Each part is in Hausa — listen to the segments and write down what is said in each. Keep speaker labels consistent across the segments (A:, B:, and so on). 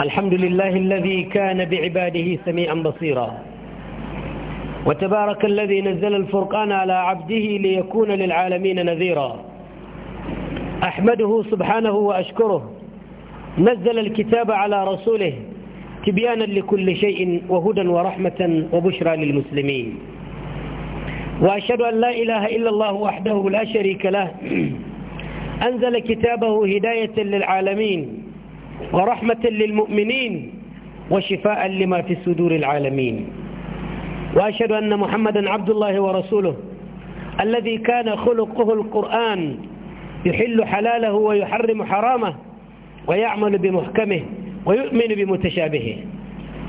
A: الحمد لله الذي كان بعباده سميعا بصيرا وتبارك الذي نزل الفرقان على عبده ليكون للعالمين نذيرا أحمده سبحانه وأشكره نزل الكتاب على رسوله تبيانا لكل شيء وهدى ورحمة وبشرى للمسلمين وأشهد أن لا إله إلا الله وحده لا شريك له أنزل كتابه هداية للعالمين ورحمة للمؤمنين وشفاء لما في صدور العالمين وأشهد أن محمدا عبد الله ورسوله الذي كان خلقه القرآن يحل حلاله ويحرم حرامه ويعمل بمحكمه ويؤمن بمتشابهه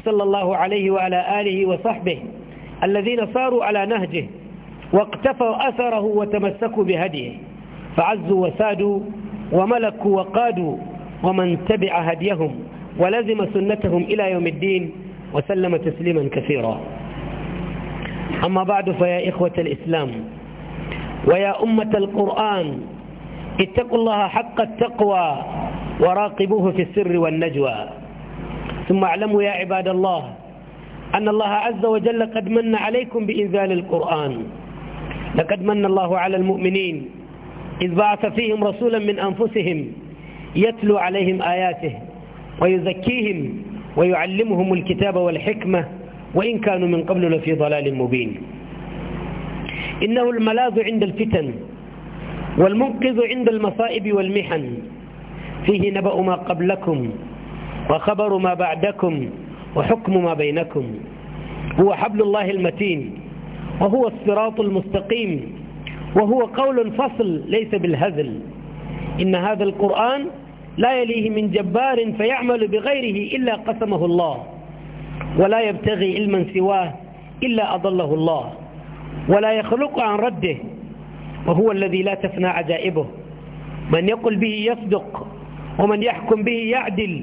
A: صلى الله عليه وعلى آله وصحبه الذين صاروا على نهجه واقتفوا أثره وتمسكوا بهديه فعزوا وسادوا وملكوا وقادوا ومن تبع هديهم ولزم سنتهم إلى يوم الدين وسلم تسليما كثيرا أما بعد فيا إخوة الإسلام ويا أمة القرآن اتقوا الله حق التقوى وراقبوه في السر والنجوى ثم اعلموا يا عباد الله أن الله عز وجل قد من عليكم بإنزال القرآن لقد من الله على المؤمنين إذ بعث فيهم رسولا من أنفسهم يتلو عليهم آياته ويزكيهم ويعلمهم الكتاب والحكمة وإن كانوا من قبل لفي ضلال مبين إنه الملاذ عند الفتن والمنقذ عند المصائب والمحن فيه نبأ ما قبلكم وخبر ما بعدكم وحكم ما بينكم هو حبل الله المتين وهو الصراط المستقيم وهو قول فصل ليس بالهزل إن هذا القرآن لا يليه من جبار فيعمل بغيره إلا قسمه الله ولا يبتغي علما سواه إلا أضله الله ولا يخلق عن رده وهو الذي لا تفنى عجائبه من يقل به يصدق ومن يحكم به يعدل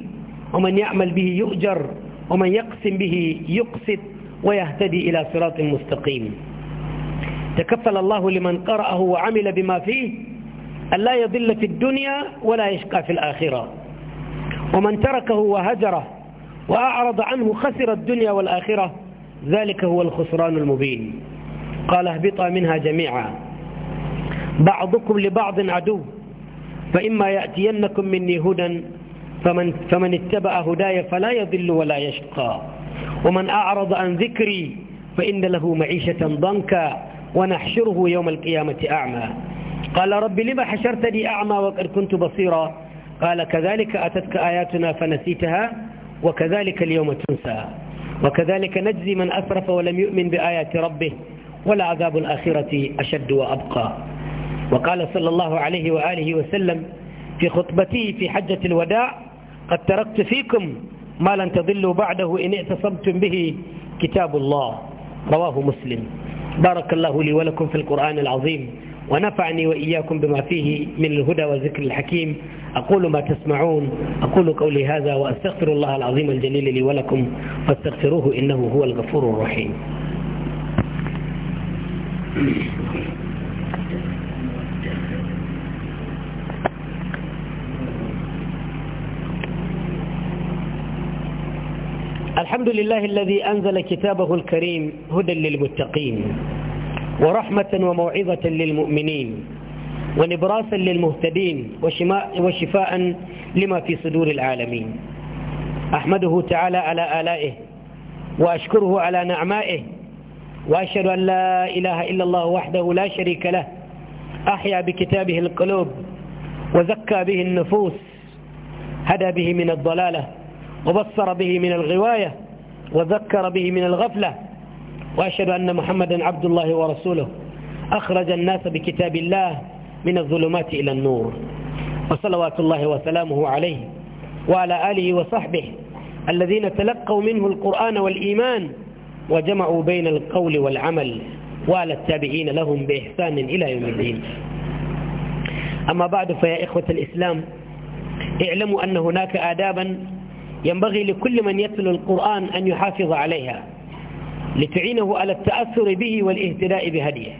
A: ومن يعمل به يؤجر ومن يقسم به يقسط ويهتدي إلى صراط مستقيم تكفل الله لمن قرأه وعمل بما فيه أن لا يضل في الدنيا ولا يشقى في الآخرة ومن تركه وهجره وأعرض عنه خسر الدنيا والآخرة ذلك هو الخسران المبين قال اهبطا منها جميعا بعضكم لبعض عدو فإما يأتينكم مني هدى فمن, فمن اتبع هداي فلا يضل ولا يشقى ومن أعرض عن ذكري فإن له معيشة ضنكا ونحشره يوم القيامة أعمى قال رب لما حشرتني أعمى وقد كنت بصيرا قال كذلك أتتك آياتنا فنسيتها وكذلك اليوم تنسى وكذلك نجزي من أسرف ولم يؤمن بآيات ربه ولا عذاب الآخرة أشد وأبقى وقال صلى الله عليه وآله وسلم في خطبتي في حجة الوداع قد تركت فيكم ما لن تضلوا بعده إن اعتصمتم به كتاب الله رواه مسلم بارك الله لي ولكم في القرآن العظيم ونفعني وإياكم بما فيه من الهدى والذكر الحكيم أقول ما تسمعون أقول قولي هذا وأستغفر الله العظيم الجليل لي ولكم فاستغفروه إنه هو الغفور الرحيم الحمد لله الذي أنزل كتابه الكريم هدى للمتقين ورحمة وموعظة للمؤمنين ونبراسا للمهتدين وشفاء لما في صدور العالمين أحمده تعالى على آلائه وأشكره على نعمائه وأشهد أن لا إله إلا الله وحده لا شريك له أحيا بكتابه القلوب وزكى به النفوس هدى به من الضلالة وبصر به من الغواية وذكر به من الغفلة وأشهد أن محمدا عبد الله ورسوله أخرج الناس بكتاب الله من الظلمات إلى النور وصلوات الله وسلامه عليه وعلى آله وصحبه الذين تلقوا منه القرآن والإيمان وجمعوا بين القول والعمل وعلى التابعين لهم بإحسان إلى يوم الدين أما بعد فيا إخوة الإسلام اعلموا أن هناك آدابا ينبغي لكل من يتلو القرآن أن يحافظ عليها لتعينه على التأثر به والاهتداء بهديه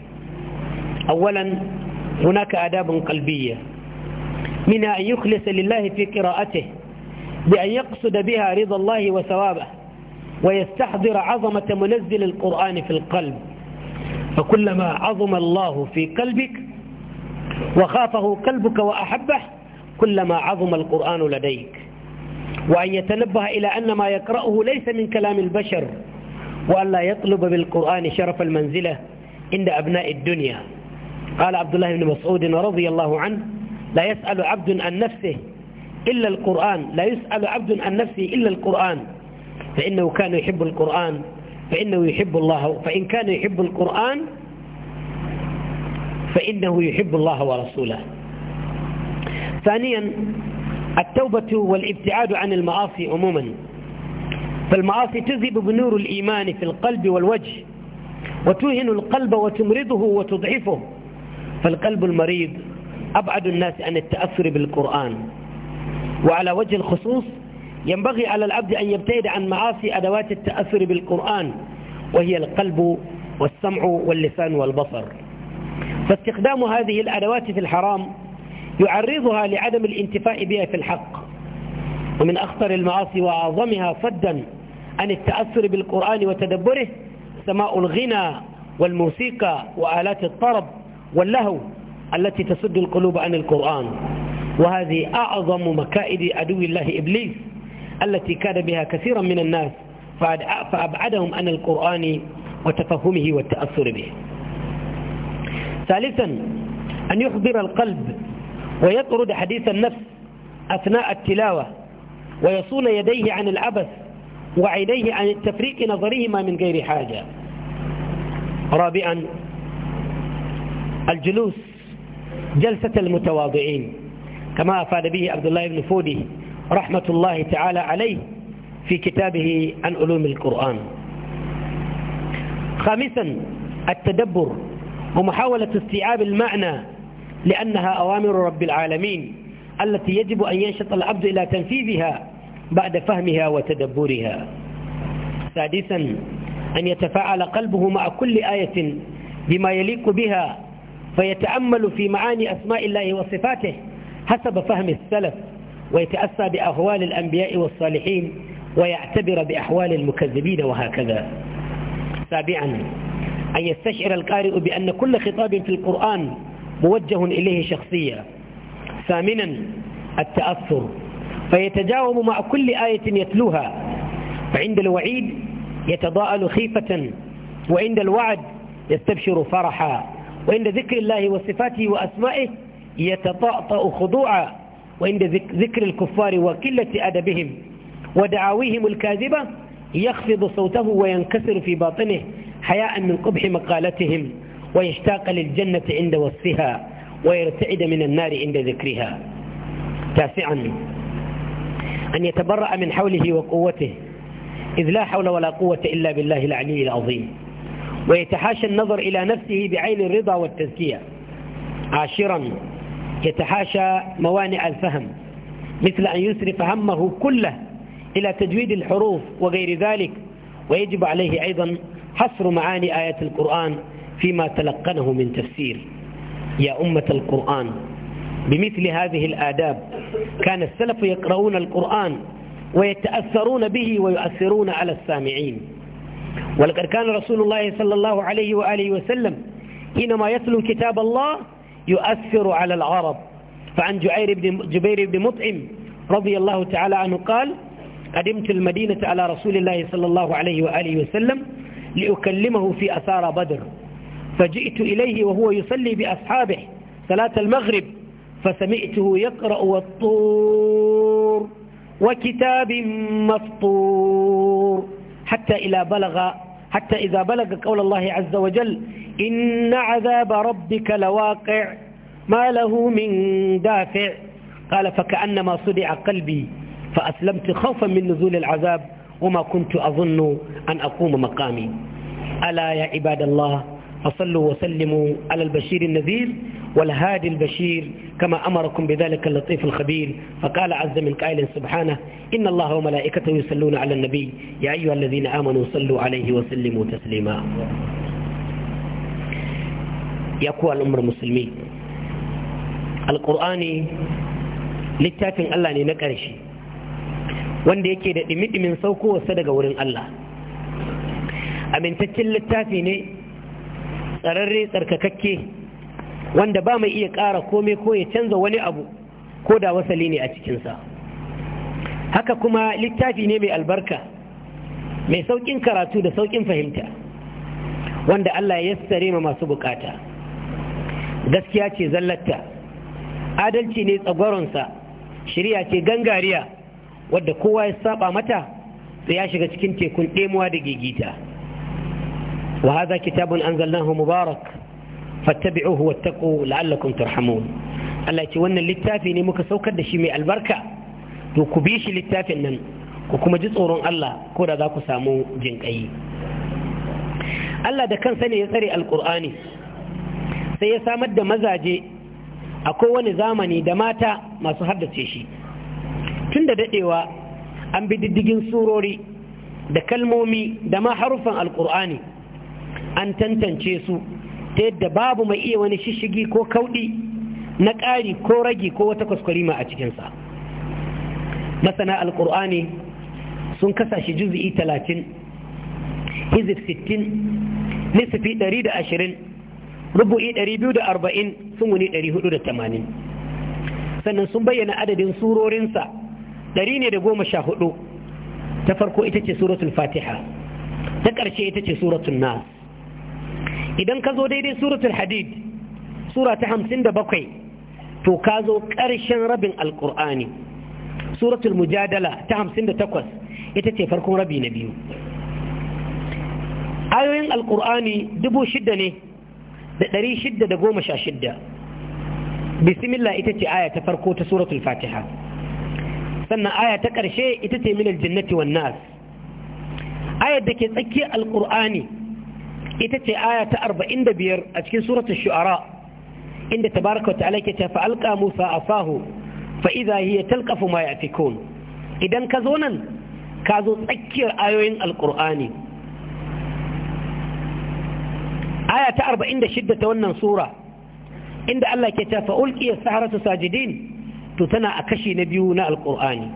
A: أولا هناك آداب قلبية منها أن يخلص لله في قراءته بأن يقصد بها رضا الله وثوابه ويستحضر عظمة منزل القرآن في القلب فكلما عظم الله في قلبك وخافه قلبك وأحبه كلما عظم القرآن لديك وأن يتنبه إلى أن ما يقرأه ليس من كلام البشر وألا يطلب بالقرآن شرف المنزلة عند أبناء الدنيا قال عبد الله بن مسعود رضي الله عنه لا يسأل عبد عن نفسه إلا القرآن لا يسأل عبد عن نفسه إلا القرآن فإنه كان يحب القرآن فإنه يحب الله فإن كان يحب القرآن فإنه يحب الله ورسوله ثانيا التوبة والابتعاد عن المعاصي عموما فالمعاصي تذهب بنور الإيمان في القلب والوجه وتوهن القلب وتمرضه وتضعفه فالقلب المريض أبعد الناس عن التأثر بالقرآن وعلى وجه الخصوص ينبغي على العبد أن يبتعد عن معاصي أدوات التأثر بالقرآن وهي القلب والسمع واللسان والبصر فاستخدام هذه الأدوات في الحرام يعرضها لعدم الانتفاء بها في الحق ومن أخطر المعاصي وأعظمها صدا عن التأثر بالقرآن وتدبره سماء الغنى والموسيقى وآلات الطرب واللهو التي تسد القلوب عن القرآن وهذه أعظم مكائد عدو الله إبليس التي كاد بها كثيرا من الناس فأبعدهم عن القرآن وتفهمه والتأثر به ثالثا أن يحضر القلب ويطرد حديث النفس أثناء التلاوة ويصول يديه عن العبث وعينيه عن التفريق نظرهما من غير حاجة رابعا الجلوس جلسة المتواضعين كما أفاد به عبد الله بن فودي رحمة الله تعالى عليه في كتابه عن علوم القرآن خامسا التدبر ومحاولة استيعاب المعنى لأنها أوامر رب العالمين التي يجب أن ينشط العبد إلى تنفيذها بعد فهمها وتدبرها سادسا أن يتفاعل قلبه مع كل آية بما يليق بها فيتأمل في معاني أسماء الله وصفاته حسب فهم السلف ويتأسى بأهوال الأنبياء والصالحين ويعتبر بأحوال المكذبين وهكذا سابعا أن يستشعر القارئ بأن كل خطاب في القرآن موجه إليه شخصية ثامنا التأثر فيتجاوب مع كل آية يتلوها فعند الوعيد يتضاءل خيفة وعند الوعد يستبشر فرحا وعند ذكر الله وصفاته وأسمائه يتطأطأ خضوعا وعند ذكر الكفار وقلة أدبهم ودعاويهم الكاذبة يخفض صوته وينكسر في باطنه حياء من قبح مقالتهم ويشتاق للجنة عند وصفها ويرتعد من النار عند ذكرها تاسعا أن يتبرأ من حوله وقوته إذ لا حول ولا قوة إلا بالله العلي العظيم ويتحاشى النظر إلى نفسه بعين الرضا والتزكية عاشرا يتحاشى موانع الفهم مثل أن يسرف همه كله إلى تجويد الحروف وغير ذلك ويجب عليه أيضا حصر معاني آيات القرآن فيما تلقنه من تفسير يا أمة القرآن بمثل هذه الآداب كان السلف يقرؤون القرآن ويتأثرون به ويؤثرون على السامعين ولقد كان رسول الله صلى الله عليه وآله وسلم حينما يتلو كتاب الله يؤثر على العرب فعن جعير بن جبير بن مطعم رضي الله تعالى عنه قال قدمت المدينة على رسول الله صلى الله عليه وآله وسلم لأكلمه في أثار بدر فجئت إليه وهو يصلي بأصحابه صلاة المغرب فسمعته يقرأ والطور وكتاب مسطور حتى إلى بلغ حتى إذا بلغ قول الله عز وجل إن عذاب ربك لواقع ما له من دافع قال فكأنما صدع قلبي فأسلمت خوفا من نزول العذاب وما كنت أظن أن أقوم مقامي ألا يا عباد الله فصلوا وسلموا على البشير النذير والهادي البشير كما أمركم بذلك اللطيف الخبير فقال عز من قائل سبحانه إن الله وملائكته يصلون على النبي يا أيها الذين آمنوا صلوا عليه وسلموا تسليما يا قوى الأمر المسلمين القرآن littafin Allah ne na ƙarshe wanda yake da ɗimi-ɗimin saukowarsa daga wurin Allah amintaccen littafi ne tsararre tsarkakakke wanda ba mai iya ƙara komai ko ya canza wani abu ko da wasali ne a cikinsa haka kuma littafi ne mai albarka mai sauƙin karatu da sauƙin fahimta wanda Allah ya yassare ma masu bukata gaskiya ce zallatta adalci ne tsagwaronsa shirya ce gangariya wadda kowa ya saba mata sai ya shiga cikin tekun ɗemuwa da gigita وهذا كتاب أنزلناه مبارك فاتبعوه واتقوا لعلكم ترحمون Allah ya ce wannan littafi ne muka saukar da shi mai albarka to ku bi shi littafin nan ku kuma ji tsoron Allah ko da za ku samu jinƙayi Allah da kansa ne ya tsare alƙur'ani sai ya samar da mazaje a wani zamani da mata masu haddace shi tun da daɗewa an bi diddigin surori da kalmomi da ma haruffan alƙur'ani an tantance su ta yadda babu mai iya wani shishigi ko kauɗi na ƙari ko ragi ko wata kwaskwarima a cikinsa masana alƙur'ani sun kasa shi juzi'i talatin hizib sittin nisfi ɗari da ashirin rubu'i ɗari biyu da arba'in sun wuni ɗari hudu da tamanin sannan sun bayyana adadin surorinsa ɗari ne da goma sha hudu ta farko ita ce suratul fatiha ta ƙarshe ita ce suratul nas idan ka zo daidai suratul hadid sura ta hamsin da bakwai to ka zo ƙarshen rabin alƙur'ani suratul mujadala ta hamsin da takwas ita ce farkon rabi na biyu ayoyin alƙur'ani dubu shidda ne da ɗari shidda da goma sha shidda bismillah ita ce aya ta farko ta suratul fatiha sannan aya ta ƙarshe ita ce minal jannati wan nas ayar da ke tsakiyar alƙur'ani ita ce aya ta biyar a cikin suratul shu'ara inda tabaraka ta'ala ke ta alqa musa asahu fa idha hiya talqafu ma idan ka zo nan ka zo tsakiyar ayoyin Alƙur'ani. aya ta shidda ta wannan sura inda Allah ke ta ulkiyar ulqiya saharatu sajidin to tana a kashi na biyu na Alƙur'ani,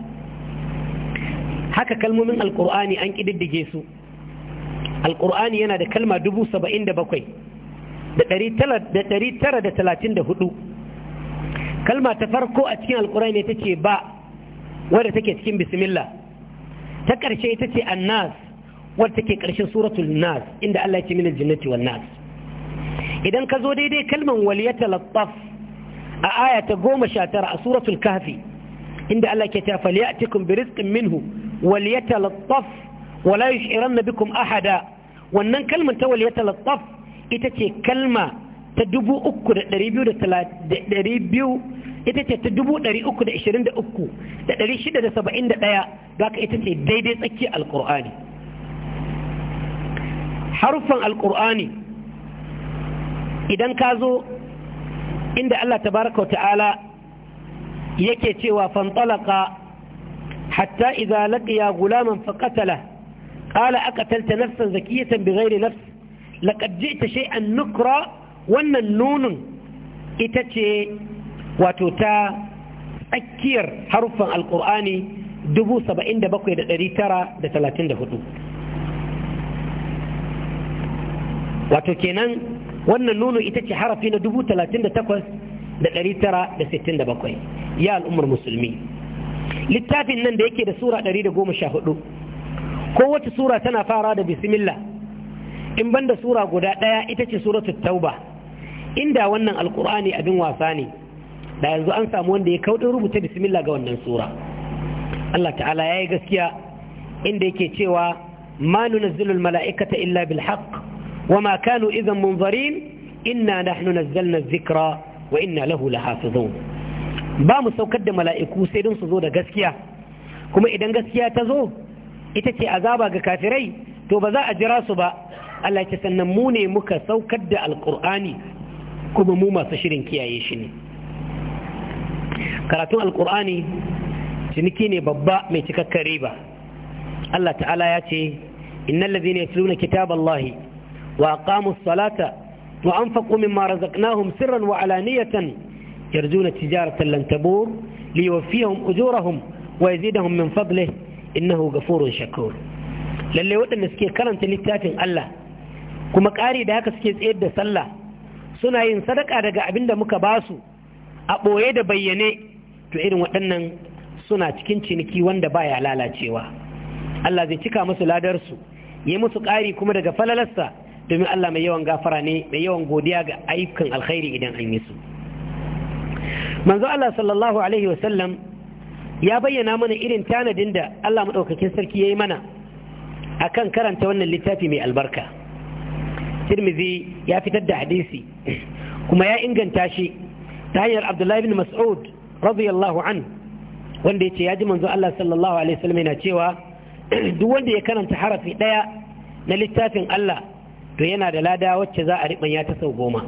A: haka kalmomin Alƙur'ani an kididdige su alƙur'ani yana da kalma dubu saba'in da bakwai da ɗari tara da talatin da hudu kalma ta farko a cikin alƙur'ani ta ce ba wadda take cikin bismillah ta ƙarshe ita ce annas wadda take ƙarshen suratul nas inda Allah ya ce minal jinnati wan nas idan ka zo daidai kalman waliyatalattaf a aya ta goma sha tara a suratul kafi inda Allah ke ta falyatikum bi rizqin minhu waliyatalattaf wala na bikum ahada wannan kalmar ta wal yatalattaf ita ce kalma ta dubu uku da ɗari biyu da ɗari biyu ita ce ta dubu ɗari uku da ishirin da uku da ɗari shida da saba'in da ɗaya da aka ita ce daidai tsakiyar alƙur'ani harufan alƙur'ani idan ka zo inda Allah tabaraka wa ta'ala yake cewa fantalaka hatta idza laqiya gulaman faqatala قال أقتلت نفسا ذكية بغير نفس لقد جئت شيئا نكرا وأن النون إتتي وتتا أكير حرفا القرآن دبو سبعين دبقوا يدري ترى دتلاتين دهدو وتكينا وأن النون إتتي حرفين دبو تلاتين دتكوز da ɗari tara da sittin da bakwai ya al'ummar musulmi littafin nan da yake da sura ɗari da goma sha kowace sura tana fara da bismillah in banda sura guda ɗaya ita ce suratul tauba inda wannan alkur'ani abin wasa ne da yanzu an samu wanda ya kauɗin rubuta bismillah ga wannan sura Allah ta'ala ya yi gaskiya inda yake cewa ma nunazzilul mala'ikata illa bil haqq wa ma kanu idan munzarin inna nahnu nazzalna dhikra wa inna lahu lahafizun ba mu saukar da mala'iku sai don su zo da gaskiya kuma idan gaskiya ta zo ita ce azaba ga kafirai to ba za a jira su ba Allah ya sanna mu ne muka saukar da alqur'ani kuma mu masu shirin kiyaye shi ne karatu alqur'ani ciniki ne babba mai cikakken riba Allah ta'ala ya ce innal ladhina yatluna kitaballahi wa aqamus salata wa anfaqu mimma razaqnahum sirran wa alaniyatan yarjuna tijaratan lan tabur liwaffiyahum ujurahum wa yazidahum min fadlihi innahu gafurun shakur lalle waɗanda suke karanta littafin Allah kuma ƙari da haka suke tsayar da sallah suna yin sadaka daga abin da muka basu a ɓoye da bayyane to irin waɗannan suna cikin ciniki wanda baya lalacewa Allah zai cika musu ladarsu yi musu ƙari kuma daga falalarsa domin Allah mai yawan gafara ne mai yawan godiya ga ayyukan alkhairi idan an yi su manzo Allah sallallahu alaihi wasallam ya bayyana mana irin tanadin da Allah maɗaukakin sarki ya yi mana a kan karanta wannan littafi mai albarka tirmizi ya fitar da hadisi kuma ya inganta shi ta hanyar abdullahi bin mas'ud radiyallahu an wanda ya ce ya ji manzo Allah sallallahu alaihi wasallam yana cewa duk wanda ya karanta harafi ɗaya na littafin Allah to yana da lada wacce za a riɓanya ta sau goma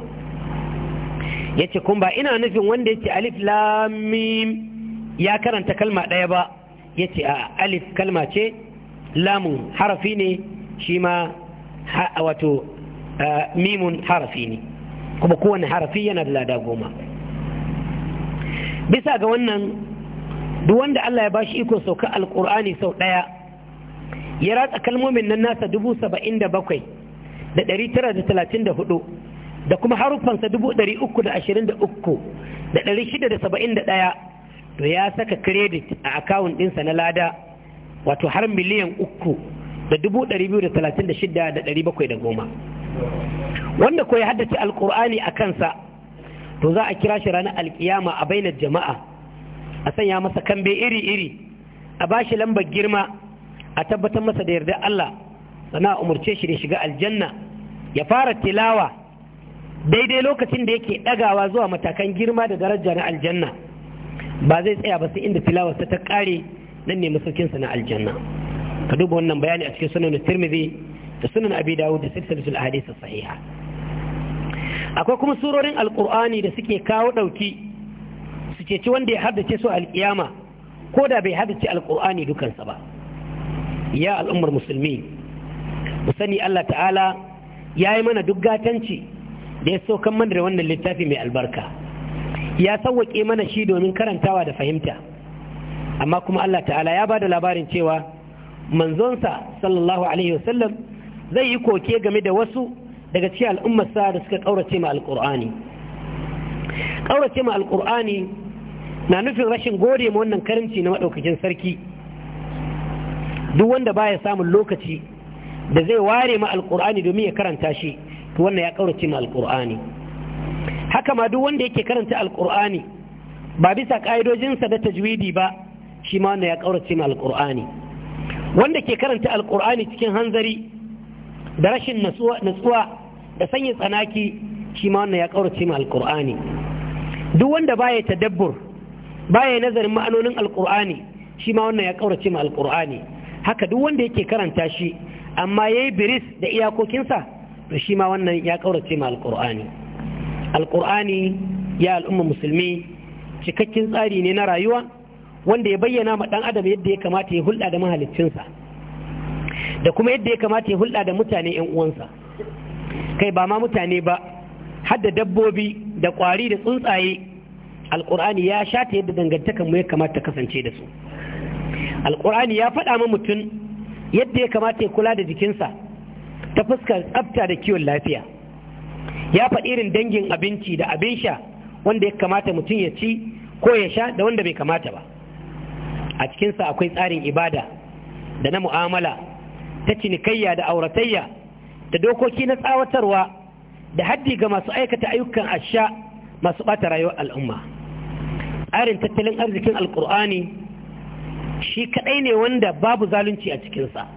A: ya ce kuma ina nufin wanda ya ce alif lamim ya karanta kalma ɗaya ba ya ce a alif kalma ce lamun harafi ne shi ma wato mimun harafi ne kuma kowane harafi yana da lada goma bisa ga wannan duk wanda Allah ya bashi iko sauka alkur'ani sau ɗaya ya ratsa kalmomin nan nasa dubu saba'in da bakwai da ɗari tara da talatin da hudu da kuma haruffansa dubu ɗari uku da ashirin da uku da ɗari shida da saba'in da ɗaya to ya saka credit a akawun ɗinsa na lada wato har miliyan uku da dubu ɗari biyu da talatin da shida da ɗari bakwai da goma wanda ko ya haddace alƙur'ani a kansa to za a kira shi ranar alkiyama a bainar jama'a a sanya masa kambe iri-iri a ba shi lambar girma a tabbatar masa da yarda Allah sana umarce shi da shiga aljanna ya fara tilawa daidai lokacin da yake ɗagawa zuwa matakan girma da daraja na aljanna ba zai tsaya ba sai inda tilawarsa ta kare nan ne masaukinsa na aljanna ka duba wannan bayani a cikin sunan tirmidhi da sunan abi dawud da silsilatul ahadith sahiha akwai kuma surorin alqur'ani da suke kawo dauki su ci wanda ya haddace su alkiyama ko da bai haddace alqur'ani dukansa ba ya al'ummar musulmi mu sani Allah ta'ala ya yi mana duk gatanci da ya saukan mana da wannan littafi mai albarka ya sauwaƙe mana shi domin karantawa da fahimta amma kuma Allah ta'ala ya ba da labarin cewa manzonsa sallallahu alaihi wasallam zai yi koke game da wasu daga cikin al'ummarsa da suka kaurace ma alqur'ani Ƙaurace ma alqur'ani na nufin rashin gode ma wannan karimci na madaukakin sarki duk wanda baya samun lokaci da zai ware ma alqur'ani domin ya karanta shi to wannan ya ƙaurace ma alqur'ani haka ma duk wanda yake karanta alkur'ani ba bisa ka'idojinsa da tajwidi ba shi ma wanda ya ƙaurace ma alkur'ani wanda ke karanta alkur'ani cikin hanzari da rashin natsuwa da sanya tsanaki shi ma wannan ya ƙaurace ma alkur'ani duk wanda baya tadabbur baya nazarin ma'anonin alkur'ani shi ma wannan ya ƙaurace ma alkur'ani haka duk wanda yake karanta shi amma yayi biris da iyakokinsa to shi ma wannan ya ƙaurace ma alkur'ani alkur'ani ya al'umma musulmi cikakken tsari ne na rayuwa wanda ya bayyana ma dan adam yadda ya kamata ya hulɗa da mahaliccinsa da kuma yadda ya kamata ya hulɗa da mutane 'yan uwansa kai ba ma mutane ba har da dabbobi da ƙwari da tsuntsaye alƙur'ani ya shata yadda dangantakan mu ya kamata kasance da su alkur'ani ya faɗa ma mutum yadda ya kamata ya kula da jikinsa ta fuskar tsafta da kiwon lafiya ya faɗi irin dangin abinci da abin sha wanda ya kamata mutum ya ci ko ya sha da wanda bai kamata ba a cikinsa akwai tsarin ibada da na mu'amala ta cinikayya da auratayya da dokoki na tsawatarwa da haddi ga masu aikata ayyukan asha masu ɓata rayuwar al'umma tsarin tattalin arzikin alkur'ani shi kaɗai ne wanda babu zalunci a cikinsa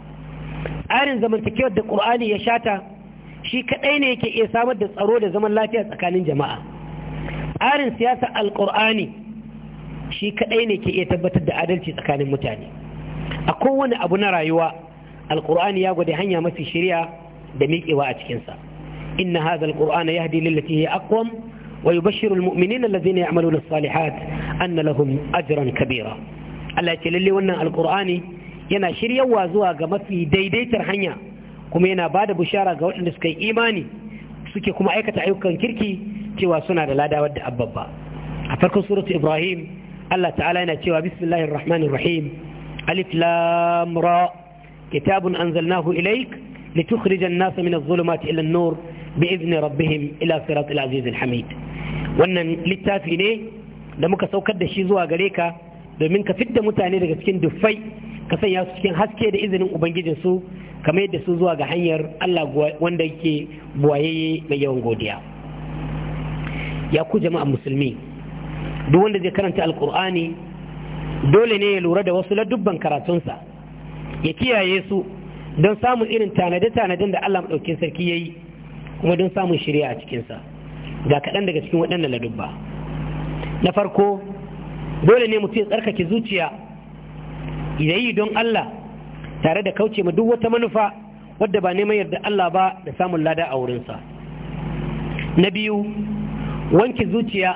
A: tsarin zamantakewar da ƙur'ani ya shata shi kaɗai ne yake iya samar da tsaro da zaman lafiya tsakanin jama'a tsarin siyasa alƙur'ani shi kaɗai ne ke iya tabbatar da adalci tsakanin mutane a kowane abu na rayuwa alkurani ya gwada hanya mafi shirya da miƙewa a cikinsa inna hadha alqur'ana yahdi lillati hiya aqwam wa yubashshiru almu'minina alladhina ya'maluna as-salihat anna lahum ajran kabira Allah ya ce lalle wannan alkur'ani yana shiryawa zuwa ga mafi daidaitar hanya kuma yana ba da bushara ga waɗanda suka yi imani suke kuma aikata ayyukan kirki cewa suna da ladawar da abbabba a farkon suratu ibrahim allah ta'ala yana cewa bismillahir rahmanir rahim alif lam ra kitabun anzalnahu ilayk litukhrija an-nasa min adh-dhulumati ila an-nur bi'izni rabbihim ila siratil azizil hamid wannan littafi ne da muka saukar da shi zuwa gare ka domin ka fidda mutane daga cikin dufai ka sanya su cikin haske da izinin ubangijin ubangijinsu kamar yadda su zuwa ga hanyar Allah wanda yake buwayeye mai yawan godiya ya ku jama'a musulmi duk wanda zai karanta alkur'ani dole ne ya lura da wasu ladubban karatunsa ya kiyaye su don samun irin tanade-tanaden da Allah maɗaukin sarki ya yi kuma don samun shirya a cikinsa ga kaɗan daga cikin waɗannan ladubba na farko dole ne mutum ya tsarkake zuciya ya yi don Allah tare da kauce ma duk wata manufa wadda ba neman yarda Allah ba da samun lada a wurinsa na biyu wanke zuciya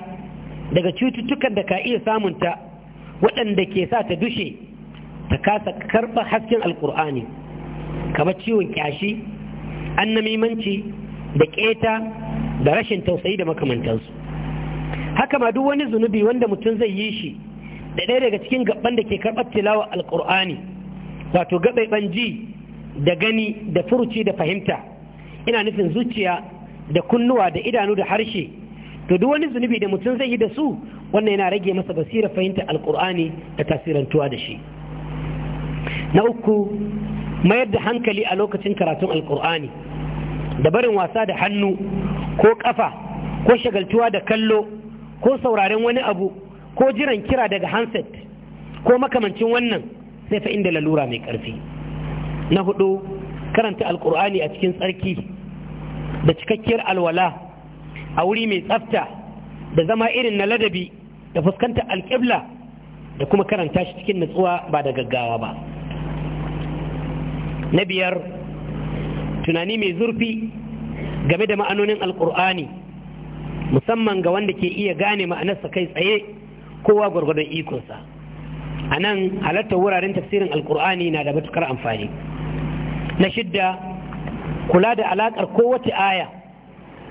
A: daga cututtukan da ka iya samunta waɗanda ke sa ta dushe ta kasa karɓar hasken alkur'ani kamar ciwon kyashi annamimanci da keta da rashin tausayi da makamantansu haka ma duk wani zunubi wanda mutum zai yi shi da ɗaya daga cikin gaban da ke karɓar tilawa alƙur'ani wato gaɓe ji da gani da furuci da fahimta ina nufin zuciya da kunnuwa da idanu da harshe to duk wani zunubi da mutum zai yi da su wannan yana rage masa basira fahimta Alƙur'ani da tasirantuwa da shi na uku mayar da hankali a lokacin karatun Alƙur'ani, da barin wasa da hannu ko ƙafa, ko shagaltuwa da kallo ko sauraren wani abu ko jiran kira daga hanset ko makamancin wannan sai fa inda lalura mai ƙarfi na hudu karanta alkur'ani a cikin tsarki da cikakkiyar alwala a wuri mai tsafta da zama irin na ladabi da fuskantar alƙibla da kuma karanta shi cikin natsuwa ba da gaggawa ba na biyar tunani mai zurfi game da ma'anonin alkur'ani musamman ga wanda ke iya gane ma'anarsa kai tsaye kowa gwargwadon ikonsa a nan halartar wuraren tafsirin alkur'ani na da matukar amfani na shidda kula da alakar kowace aya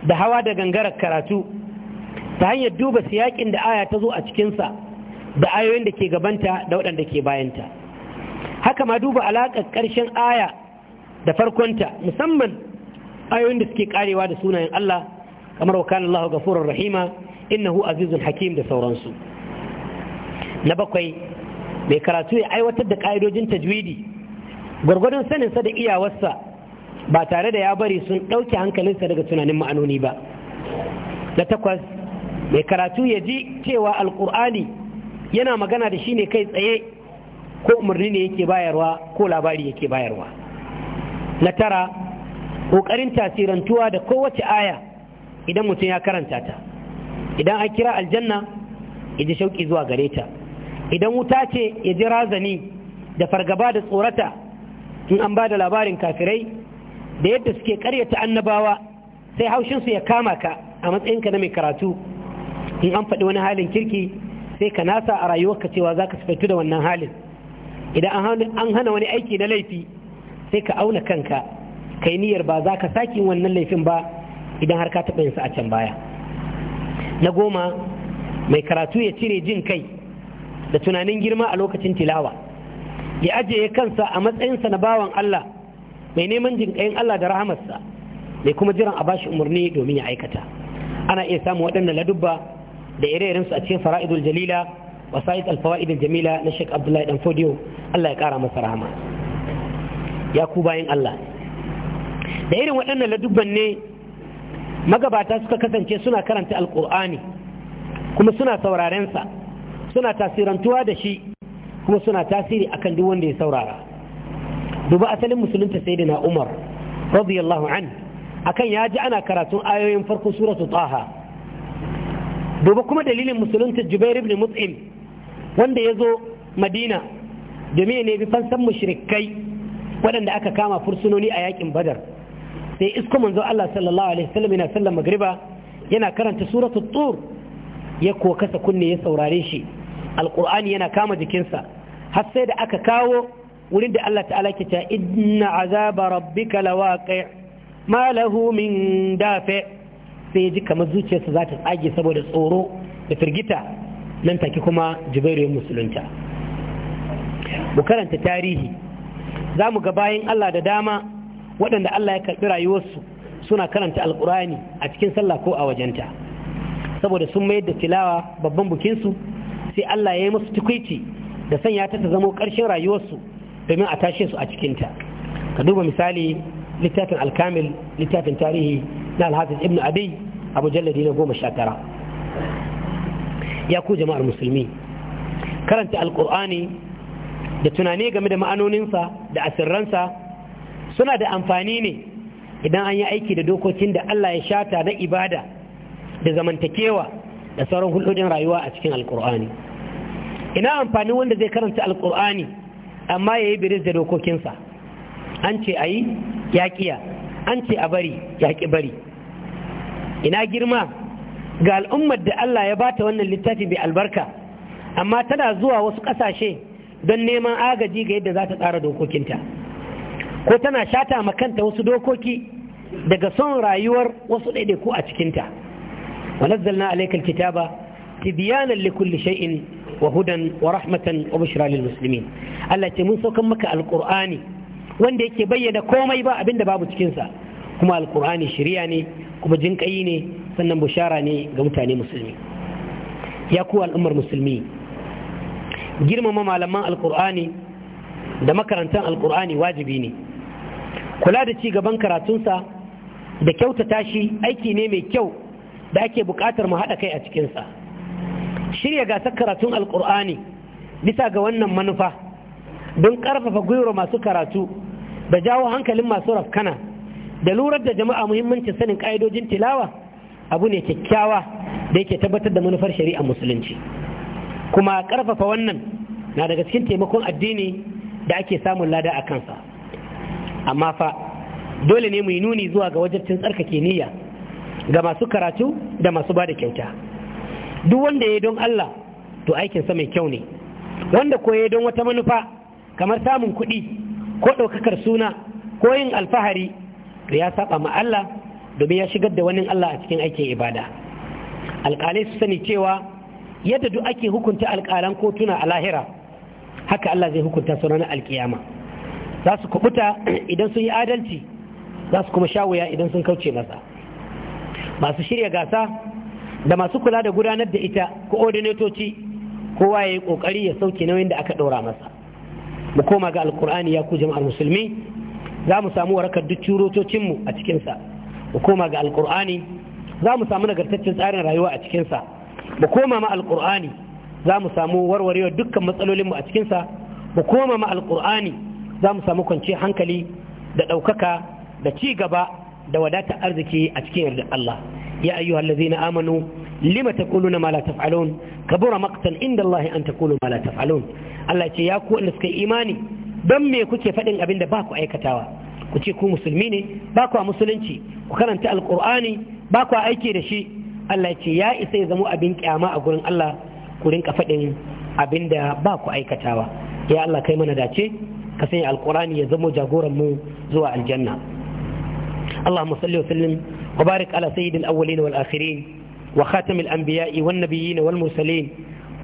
A: da hawa da gangarar karatu ta hanyar duba siyakin da aya ta zo a cikinsa da ayoyin da ke gabanta da waɗanda ke bayanta haka ma duba alakar ƙarshen aya da farkonta musamman ayoyin da suke karewa da sunayen Allah kamar wa kana Allahu ghafurur rahima innahu azizul hakim da sauransu na bakwai mai karatu ya aiwatar da ka'idojin tajwidi gwargwadon sa da iyawarsa ba tare da ya bari sun ɗauke hankalinsa daga tunanin ma'anoni ba na takwas mai karatu ya ji cewa alkur'ani yana magana da shi ne kai tsaye ko umarni ne yake bayarwa ko labari yake bayarwa na tara ƙoƙarin tasirantuwa da kowace aya idan mutum ya karanta ta idan an kira aljanna ya ji shauƙi zuwa gare ta idan wuta ce ya ji razani da fargaba da tsorata in an ba da labarin kafirai da yadda suke karyata annabawa sai haushinsu ya kama ka a matsayinka na mai karatu in an faɗi wani halin kirki sai ka nasa a rayuwarka cewa za ka sifaitu da wannan halin idan an hana wani aiki na laifi sai ka auna kanka kai niyyar ba za ka sake wannan laifin ba idan har ka taɓa yinsa a can baya na goma mai karatu ya cire jin kai da tunanin girma a lokacin tilawa ya ajiye kansa a matsayinsa na bawan Allah mai neman jinƙayin Allah da rahamarsa mai kuma jiran a bashi umarni domin ya aikata ana iya samun waɗannan ladubba da ire-irensu a cikin fara'idul jalila sa'id alfawa'idul jamila na Sheikh Abdullahi Dan Fodiyo Allah ya ƙara masa rahama ya ku bayan Allah da irin waɗannan ladubban ne magabata suka kasance suna karanta alkur'ani kuma suna saurarensa suna tasirantuwa da shi kuma suna tasiri akan duk wanda ya saurara duba asalin musulunta sai da na'umar umar radiyallahu an akan ya ji ana karatun ayoyin farko suratu taha duba kuma dalilin musulunta jubair ibn mut'im wanda ya zo madina domin ne bi fansan mushrikai waɗanda aka kama fursunoni a yakin badar Sai isko manzo Allah sallallahu alaihi wasallam yana sallan magriba yana karanta suratul tur ya ko kasa kunne ya saurare shi alqur'ani yana kama jikinsa har sai da aka kawo wurin da Allah ta'ala ke ta inna azaba rabbika lawaqi ma lahu min dafi sai ji kamar zuciyarsa za ta tsage saboda tsoro da firgita nan take kuma jibairu musulunta mu karanta tarihi za mu ga bayan Allah da dama waɗanda Allah ya karɓi rayuwarsu suna karanta alkurani a cikin sallah ko a wajenta saboda sun mayar da tilawa babban bukinsu sai Allah ya yi musu tukwici da sanya ta ta zamo ƙarshen rayuwarsu domin a tashe su a cikinta ka duba misali littafin alkamil littafin tarihi na alhafiz ibn abi a jalladi na goma sha tara ya ku jama'ar musulmi karanta alkur'ani da tunani game da ma'anoninsa da asirransa suna da amfani ne idan an yi aiki da dokokin da Allah ya shata na ibada da zamantakewa da sauran hulɗoɗin rayuwa a cikin Alƙur'ani, ina amfani wanda zai karanta Alƙur'ani amma ya yi biris da dokokinsa an ce a yi yaƙiya an ce a bari yaƙi bari ina girma ga al'ummar da Allah ya bata wannan littafi bai albarka amma tana zuwa wasu ƙasashe don neman agaji ga yadda za ta tsara dokokinta ko tana shata makanta wasu dokoki daga son rayuwar wasu ɗaiɗaiku a cikinta wanar zalna alaikar kita ba tibiyanar likul lishe'in hudan rahmatan wa bishira Allah ce mun saukan maka alƙur'ani wanda yake bayyana komai ba abinda babu cikinsa kuma alƙur'ani shiriya ne kuma jinƙayi ne sannan bushara ne ga mutane musulmi ya kuwa al'ummar musulmi girmama malaman alƙur'ani da makarantar alƙur'ani wajibi ne kula da ci gaban karatunsa da kyautata shi aiki ne mai kyau da ake buƙatar mu haɗa kai a cikinsa shirya gasar karatun alkur'ani bisa ga wannan manufa don ƙarfafa gwiwar masu karatu da jawo hankalin masu rafkana da lurar da jama'a muhimmancin sanin ƙa'idojin tilawa abu ne kyakkyawa da yake tabbatar da manufar shari'a musulunci kuma ƙarfafa wannan na daga cikin taimakon addini da ake samun lada a kansa amma fa dole ne mu yi nuni zuwa ga wajabcin tsarkake niyya ga masu karatu da masu ba da kyauta duk wanda ya yi don Allah to aikinsa mai kyau ne wanda ko ya yi don wata manufa kamar samun kuɗi ko ɗaukakar suna ko yin alfahari to ya saba ma Allah domin ya shigar da wani Allah a cikin aikin ibada alƙalai su sani cewa yadda duk ake hukunta alƙalan kotuna a lahira haka Allah zai hukunta su ranar alkiyama za su kubuta idan sun yi adalci za su kuma shawuya idan sun kauce masa masu shirya gasa da masu kula da gudanar da ita koordinatoci kowa ya yi kokari ya sauke nauyin da aka ɗora masa mu koma ga alkur'ani ya ku jama'ar musulmi za mu samu warakar duk curotocinmu a cikinsa mu koma ga alkur'ani za mu samu nagartaccen tsarin rayuwa a cikinsa mu koma ma alkur'ani za mu samu warwarewa dukkan matsalolinmu a cikinsa mu koma ma alkur'ani za mu samu kwanciyar hankali da ɗaukaka da ci gaba da wadatar arziki a cikin yardar Allah ya ayyu na amanu lima ta Kulu mala ta la Ka bura maktan inda Allah an kulu mala ta taf'alun Allah ce ya ku inda suka yi imani don me kuke faɗin abin da ba ku aikatawa ku ce ku musulmi ne ba ku musulunci ku karanta Alkur'ani? ba ku aiki da shi Allah ce ya isa ya zama abin kyama a gurin Allah ku rinka faɗin abin da ba ku aikatawa ya Allah kai mana dace ka sanya alkurani ya zama jagoran mu zuwa aljanna اللهم صل وسلم وبارك على سيد الأولين والآخرين وخاتم الأنبياء والنبيين والمرسلين